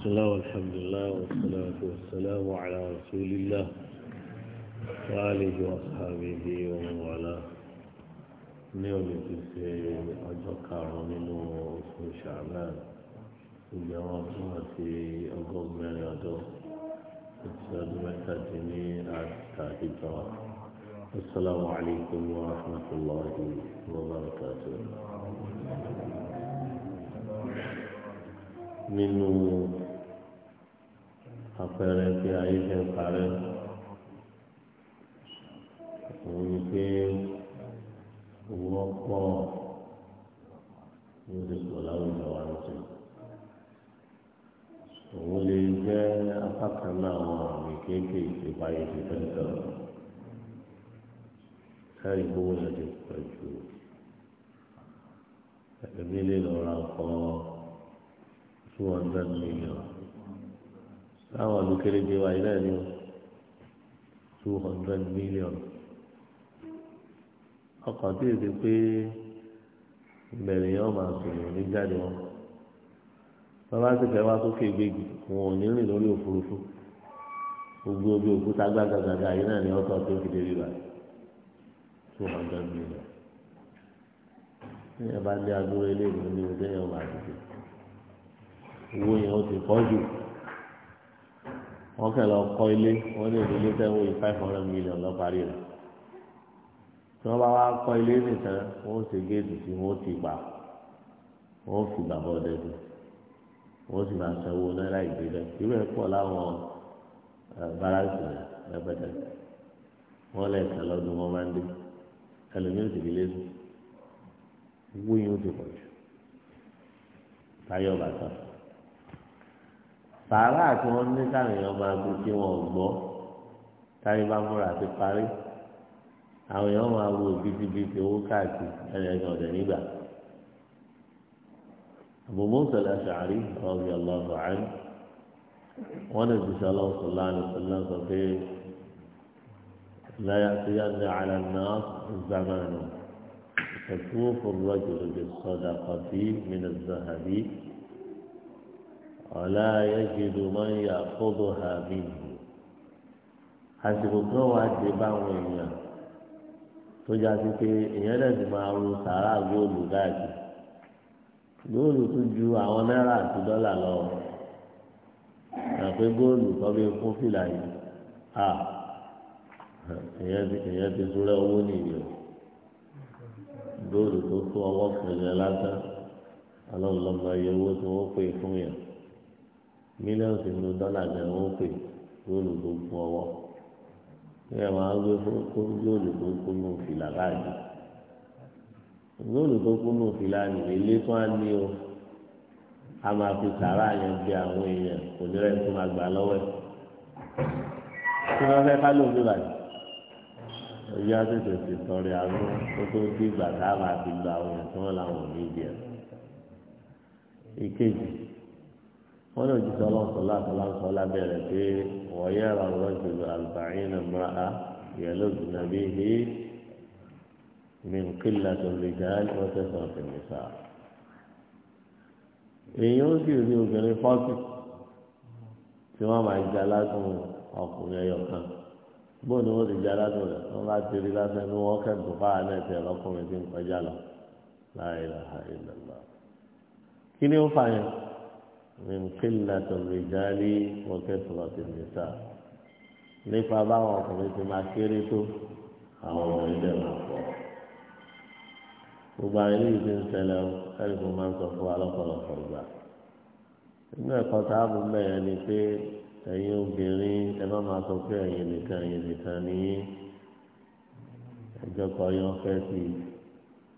بسم الله والحمد لله والصلاة والسلام على رسول الله وآله وأصحابه ومن والاه نيوم تسير أجوكا رمينو اسم شعبان الجواب في أقوم من يدو أجساد مكاتني أجساد السلام عليكم ورحمة الله وبركاته منه àpẹẹrẹ pé ayé fẹ́ parẹ́ òun ni pé owó ọ̀pọ̀ ní oṣù pọ̀ láwùjọ wa ń sè òun lè jẹ́ apá kan náà àwọn àmì kéékèèké báyìí ti fẹ́ tẹ̀ ọ́ gbówó yẹn ti pọ̀ jù ẹ̀mí lè lọ ra ọkọ̀ two hundred million láwọn ọdún kéréje wa yìí náà ni o two hundred million ọkàn tí èdè pé ìbẹ̀rẹ̀ yẹn wọ́n máa sọ̀rọ̀ ní jáde wọn wọ́n bá sì fẹ́ wá sókè gbégi wọn ò ní rìn lórí òfurufú gbogbo bí òkúta gbàgàgàgà yìí náà ni ọkọ̀ tó fi rí báyìí two hundred million ní ẹ bá lé agbóró eléyìí ní ọdẹ yẹn wọ́n máa dìde owó yẹn ó ti pọ̀ jù wọ́n kẹ́ lọ kọ́ ilé wọ́n ní ìdílé tẹ́ yìí five hundred million lọ parí rẹ̀ tí wọ́n bá wá kọ́ ilé nìkan wọ́n ṣe géètì tí wọ́n ti pa wọ́n fi bàbá ọdẹ dùn wọ́n sì máa sanwó náírà ìgbélé irú pọ̀ láwọn báràkì rẹ̀ rẹpẹtẹ wọ́n lẹ́ẹ̀kan lọ́dún wọn máa ń dé ẹlòmíràn sì fi lẹ́sùn wúyìn ó ti pọ̀ jù táyọ̀ bàtà sàárà tí wọ́n ní káwọn èèyàn máa gbé tí wọ́n gbọ́ táyé bá múra àti parí àwọn èèyàn máa wo bíbíbíbi owó káàkiri ẹni ẹni ọ̀dẹ̀ nígbà. Abu Musa al-Ash'ari radiyallahu anhu wọ́n lè gbèsè ọlọ́run sọ̀lá ní sọ̀lá sọ pé láyà tó yá ní àlà náà zamanu. Tẹ̀síwò fún rọ́jò lójú sọ́dà kọ̀tí mìíràn zahabi ọ̀la ayẹ́gidù máa ń yà fọ́dọ̀ àmì ìlú àsìkò kan wà dé báwọn èèyàn tó já sí pé èèyàn náà ti máa ro sàárà góòlù káàkiri góòlù tún ju àwọn náírà àti dọ́là lọ àpé góòlù kan bí fún fìlà yìí à èèyàn ti súnlẹ̀ owó nìyí o góòlù tó fún ọwọ́ fún ẹ̀yẹ lásán ọlọ́run lọ́mọ iye owó tí wọ́n pè fún yẹn mílíọ̀nù sínú dọ́là gan wọ́n pè góòlù tó kún ọwọ́ ẹ máa gbé fún góòlù tó kún nù fìlà káàdì góòlù tó kún nù fìlà nìyí ilé tó á ní o a máa fi sàrà yẹn bí àwọn èèyàn kò ní rẹ̀ tó máa gbà lọ́wọ́ ẹ̀ tí wọ́n fẹ́ ká lóògùn báyìí ojú á tètè ṣètọrẹ àánú tó tó dé ìgbà tá a máa fi gba àwọn èèyàn tí wọ́n làwọn ò ní jẹ ìkejì wọn náà jíjẹ ọlọ́sọ̀lá àtàlásọ̀lá bẹ̀rẹ̀ pé wọ̀nyẹ́ ara rọ́jò àlùbáyìn mọ́ra yẹlò nàbí hí mìnkìlá tó lè já lọ́sẹ̀sọ̀ tẹ̀mísà. èèyàn ó sì rí obìnrin fọ́tì tí wọ́n máa jẹ aládùn ọkùnrin ẹyọ kan bóun ni wọ́n ti jẹ aládùn rẹ̀ wọ́n bá ti rí lásán ní wọ́n kẹ́dùn fáwọn náà tẹ̀ lọ́kùnrin tí ń kọjá lọ láìláha kí ni ó fà yẹn. من قلة الرجال وكثرة النساء nípa báwọn ọkùnrin ti máa kéré tó àwọn ọmọ ilé wọn pọ̀ gbogbo àwọn eléyìí ti ń ṣẹlẹ̀ o ẹnìkú máa ń sọ fún wa lọ́pọ̀lọpọ̀ ìgbà nínú ẹ̀kọ́ tá a bù mẹ́rin ni pé ẹ̀yin obìnrin ẹ má máa sọ pé ẹ̀yin ni yín ẹjọ́ kan yọ fẹ́ sí i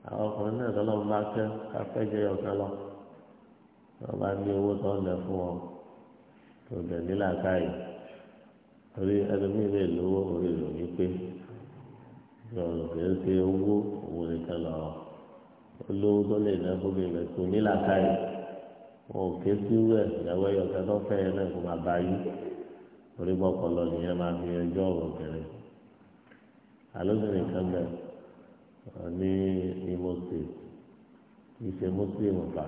àwọn ọkùnrin náà wọ́n bá ní owó tó ń lẹ̀ fún wọn tó dẹ̀ nílà káyì orí ẹlòmíì lè lówó orí ìròyìn pé ìrọ̀rùn kì í ṣe owó òun nìkan lọ́rọ̀ olówó tó lè ná gómìnà rẹ̀ tó nílà káyì wọn ò ké sí wẹ̀ ìyàwó ẹ̀yọ̀ kan tó fẹ́ yẹn náà kó máa bá yí orí bọ́kọ̀ lọ nìyẹn máa fi ẹjọ́ ọ̀rọ̀ bẹ̀rẹ̀ alóbìnrin kan bẹ̀ ní imo state ìṣe muslim ọ̀gá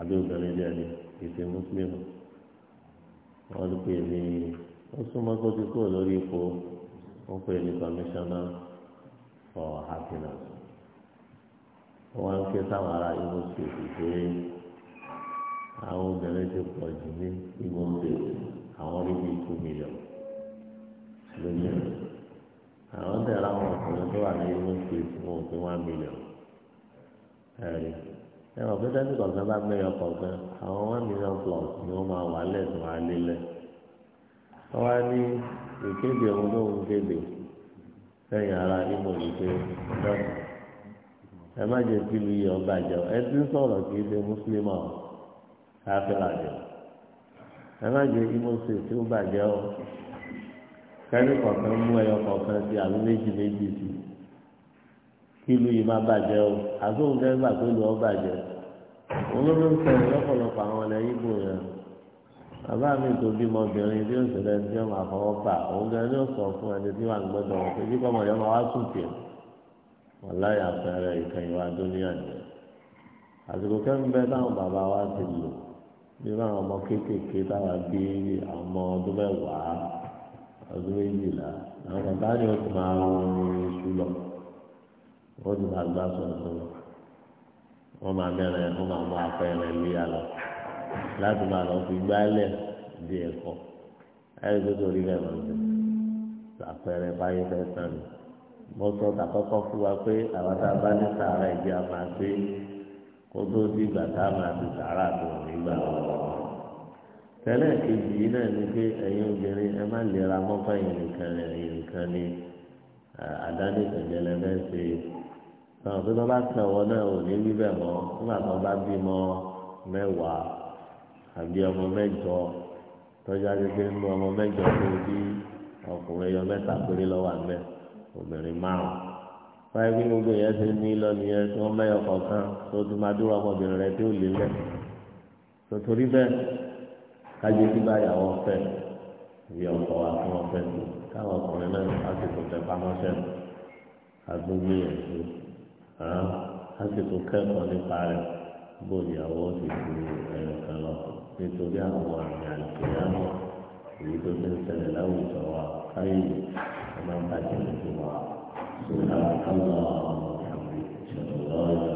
àbí obìnrin bí ẹni ètè mùsùlùmí wọ́n ló pè ní ó súnmọ́ kó ti kúrò lórí ipò wọ́n pè ní commissioner for happiness wọ́n ń ké sáwọn ará Imo state pé àwọn obìnrin ti pọ̀ jù ní Imo state àwọn rí bíi two million lóbìnrin àwọn tẹ̀lé àwọn ọkùnrin tó wà ní Imo state wọn ò pé one million ẹ̀rí ẹ mọ̀ pé tẹ́lifù kọ̀ọ̀kan bá mẹ́yọ kọ̀ọ̀kan àwọn one million plus ni wọ́n máa wà lẹ́sùn alẹ́lẹ̀ wọ́n wá ní ìkéde òun lóun kéde lẹ́yìn ara ìmọ̀ yìí pé dọ́kì ẹ má jẹ́ kí lu yìí ọba jọ ẹ ti ń sọ̀rọ̀ kì í ṣe mùsùlùmá o káfíńlá jọ ẹ má jẹ́ kí mùsùlùmí tí ó bàjẹ́ o kẹ́rì kọ̀ọ̀kan mú ẹyọ kọ̀ọ̀kan sí àbí méjì méjì sí i kí ìlú yìí má bàjẹ́ o àtúntò fẹ́ gbà pé ìlú ọ bàjẹ́ olóńgbò ń sọ̀rọ̀ lọ́pọ̀lọpọ̀ àwọn ilẹ̀ ibo yẹn bàbá mi tó bímọ obìnrin bí òṣèlè tí wọn àfọwọ́ pa òun gan ni ó sọ fún ẹni tí wọn gbọ́dọ̀ wọn pé bí kọmọ yẹn máa wá sùn tiẹ̀ wọn láyà àpẹẹrẹ ìkẹyìn wa dúníà nìyẹn àsìkò kẹ́ńbẹ́ táwọn bàbá wa ti lò bí báwọn ọmọ kéékèèké táwa bí àwọn ọmọ ọdún mẹ́wàá ọdún méjìlá àwọn bàbá ni ó ti máa ń rún iṣu lọ wọ́n ti máa gbá sọ̀tún wọ́n máa mẹ́rin wọ́n máa mú apẹ́rẹ́ lé àlọ́ láti máa lọ fi gbálẹ̀ di ẹ̀kọ́ ẹ̀rí tó torí rẹ̀ lọ sí àpẹẹrẹ báyé fẹ́ sàn ni. mo sọ tàkọ́kọ́ fún wa pé àwọn tá a bá ní sàárà ìdí a máa gbé kó tó di ìgbà tá a máa ti sàárà tó nígbà tẹ́lẹ̀ kejì yìí náà ni pé ẹ̀yin obìnrin ẹ má lera mọ́fà ìrìnkan ẹ̀yìn nìkan ni àdáni ìtẹ̀jẹ̀lẹ̀ bẹ́ẹ̀ ṣe náà tó bá tẹ̀ wọ́n náà ò ní wí mọ́ nígbà tó bá bímọ mẹ́wàá àbí ọmọ mẹ́jọ tọ́jú agbègbè nínú ọmọ mẹ́jọ tó bí ọkùnrin yọ mẹ́ta péré lọ́wọ́ àgbẹ̀ obìnrin márùn fáyé bí gbogbo yẹn ti ní lọ nìyẹn tí wọ́n mẹ́yọ kọ̀ọ̀kan tó ti máa dúró ọmọbìnrin rẹ tí ó lé lẹ̀ tòtòrí bẹ́ẹ̀ kájí tí bá fẹ́ ìyá ọkọ̀ wa fún ọ fẹ́ tó káwọn ọkùnrin náà lásìkò tẹpámọ́sẹ́ agbógbé ẹ̀sùn lásìkò kẹ́kọ̀ọ́ nípa rẹ̀ bó ni ti fi ẹ̀rọ kan lọ nítorí àwọn àmì àlùkìyàmọ̀ èyí tó ti ń ṣẹlẹ̀ láwùjọ wa káyé ẹ̀ bàjẹ́ lójú wa. سبحانك اللهم وبحمدك اشهد ان